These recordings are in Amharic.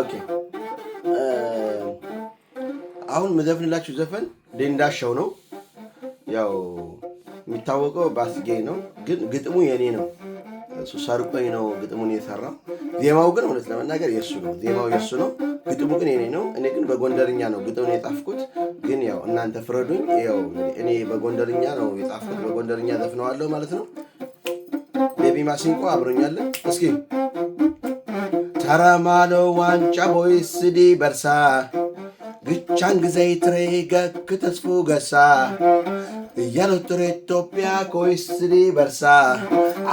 ኦኬ። አሁን መዘፍንላችሁ ዘፈን ሌንዳሻው ነው። ያው የሚታወቀው በአስጌ ነው፣ ግን ግጥሙ የኔ ነው። እሱ ሰርቆኝ ነው ግጥሙን የሰራው። ዜማው ግን እውነት ለመናገር የሱ ነው። ዜማው የሱ ነው፣ ግጥሙ ግን የኔ ነው። እኔ ግን በጎንደርኛ ነው ግጥሙን የጻፍኩት። ግን ያው እናንተ ፍረዱኝ። ያው እኔ በጎንደርኛ ነው የጻፍኩት። በጎንደርኛ ዘፍነዋለሁ ማለት ነው። ቤቢ ማሲንቆ አብሮኛለን እስኪ ተረማለው ዋንጫ ቦይስዲ በርሳ ግቻን ግዜ ትሬ ገክ ተስፉ ገሳ እያሎትሮ ኢትዮጵያ ኮይስዲ በርሳ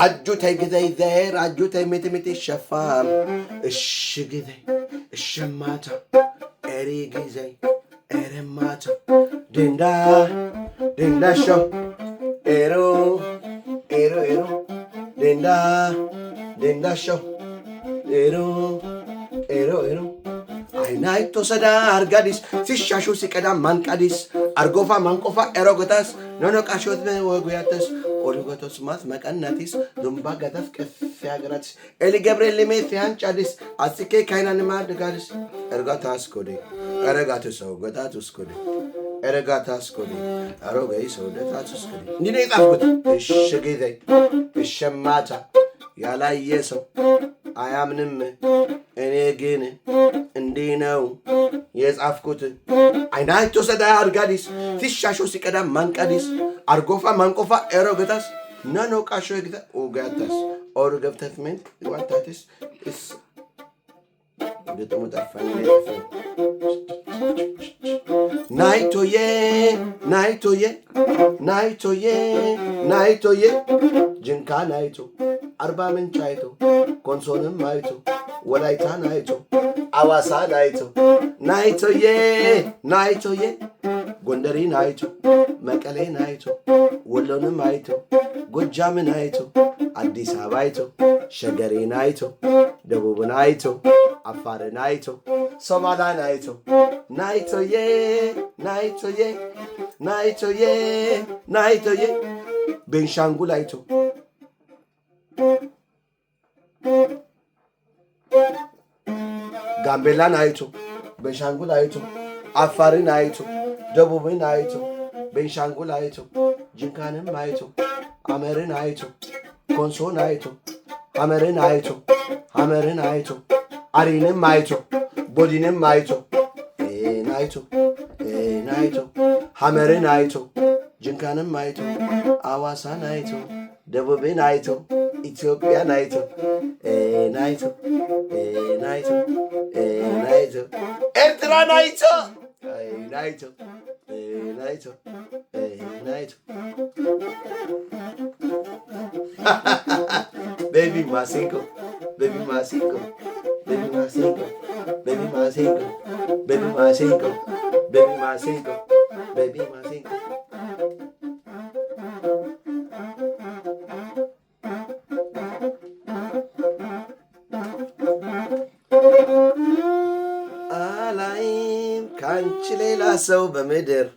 አጁ ተይ ግዜ ዘይር አጁ ተይ ይሸፋ እሽ ግዜ እሸማታ ኤሪ ግዜ ኤረማታ ድንዳ ድንዳሾ ኤሮ ኤሮ ኤሮ ድንዳ ድንዳሾ ኤሮ ኤሮ ኤሮ አይናይቶ ሰዳ አርጋዲስ ሲሻሹ ሲቀዳ ማንቃዲስ አርጎፋ ማንቆፋ ኤሮጎታስ ኖኖ ወጉያተስ ኦሪጎቶስ ማት መቀናቲስ ዱምባ ገተፍ ቅፍ ያገራቲስ ኤሊ ገብርኤል ሜ ፊያንጫዲስ አስኬ ካይናንማ ድጋዲስ ኤርጋታስ ኮዴ ኤረጋቱ ሰው ጎታቱስ ኮዴ ኤረጋታስ ኮዴ አሮገይ ሰው ደታቱስ ኮዴ እንዲህ ነው የጻፍኩት እሽጌዘይ እሸማታ ያላየ ሰው አያምንም። እኔ ግን እንዲህ ነው የጻፍኩት። አይናቸው ሰዳ አርጋዲስ ቲሻሾ ሲቀዳ ማንቀዲስ አርጎፋ ማንቆፋ ኤሮ ገታስ ናኖ ቃሾ ግታ ኦጋታስ ኦር ገብተት ምን ዋታትስ እስ ግጥሙ ጠፋኝ። ናይቶዬ ናይቶዬ ናይቶዬ ናይቶዬ ጅንካ ናይቶ አርባ ምንጭ አይቶ ኮንሶንም አይቶ ወላይታን አይቶ አዋሳን አይቶ ናይቶዬ ናይቶዬ ጎንደሪን አይቶ መቀሌን አይቶ ወሎንም አይቶ ጎጃምን አይቶ አዲስ አበባ አይቶ ሸገሬን አይቶ ደቡብን አይቶ አፋርን አይቶ ሶማላን አይቶ ናይቶዬ ናይቶዬ ናይቶዬ ናይቶዬ ቤንሻንጉል አይቶ ጋምቤላን አይቶ፣ ቤንሻንጉል አይቶ፣ አፋርን አይቶ፣ ደቡብን አይቶ፣ ቤንሻንጉል አይቶ፣ ጅንካንም አይቶ፣ አመርን አይቶ፣ ኮንሶን አይቶ፣ ሐመርን አይቶ፣ ሐመርን አይቶ፣ አሪንም አይቶ፣ ቦዲንም አይቶ፣ ኤን አይቶ፣ ኤን አይቶ፣ ሐመርን አይቶ፣ ጅንካንም አይቶ፣ አዋሳን አይቶ፣ ደቡብን አይቶ Ethiopia Eh, Eh, Eh, Entra Eh, Eh, Eh, Baby Baby Masinko. Baby masiko, Baby masico, Baby masico, Baby masico, Baby አላይም ከአንቺ ሌላ ሰው በምድር